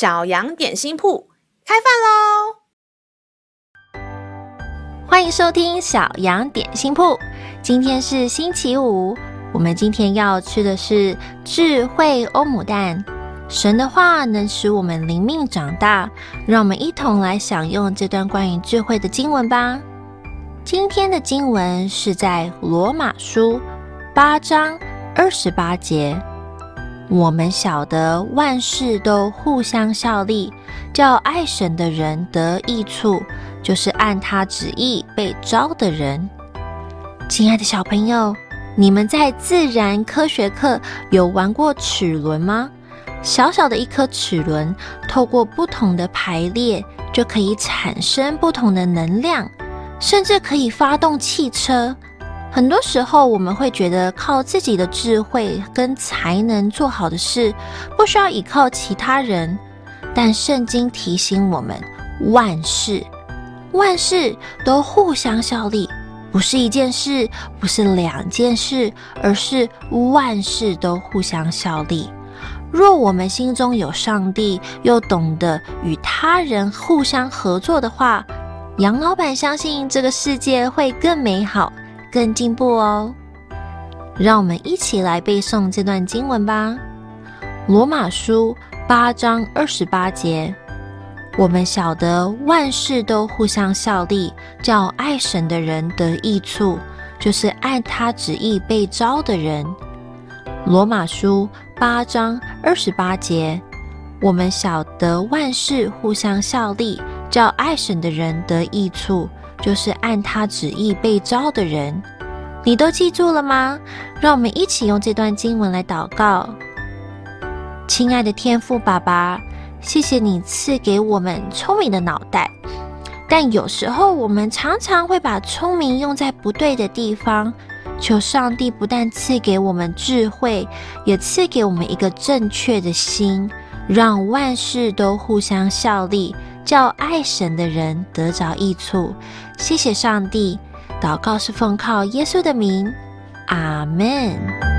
小羊點心鋪開飯嘍！歡迎收聽小羊點心鋪。今天是星期五，我們今天要吃的是智慧歐姆蛋。神的話能使我們靈命長大，讓我們一同來享用這段關於智慧的經文吧。今天的經文是在羅馬書八章二十八節。我們曉得萬事都互相效力，叫愛神的人得益處，就是按他旨意被召的人。親愛的小朋友，你們在自然科學課有玩過齒輪嗎？小小的一顆齒輪，透過不同的排列，就可以產生不同的能量，甚至可以發動汽車。很多時候，我們會覺得靠自己的智慧跟才能做好的事，不需要依靠其他人。但聖經提醒我們，萬事萬事都互相效力，不是一件事，不是兩件事，而是萬事都互相效力。若我們心中有上帝，又懂得與他人互相合作的話，楊老板相信這個世界會更美好。更進步哦！讓我們一起來背誦這段經文吧，《羅馬書》八章二十八節。我們曉得萬事都互相效力，叫愛神的人得益處，就是按他旨意被召的人。《羅馬書》八章二十八節。我們曉得萬事互相效力，叫愛神的人得益處。就是按他旨意被召的人，你都記住了嗎？讓我們一起用這段經文來禱告。親愛的天父爸爸，謝謝你賜給我們聰明的腦袋，但有時候我們常常會把聰明用在不對的地方。求上帝不但賜給我們智慧，也賜給我們一個正確的心，讓萬事都互相效力。叫愛神的人得着益處，謝謝上帝。禱告是奉靠耶穌的名，阿們。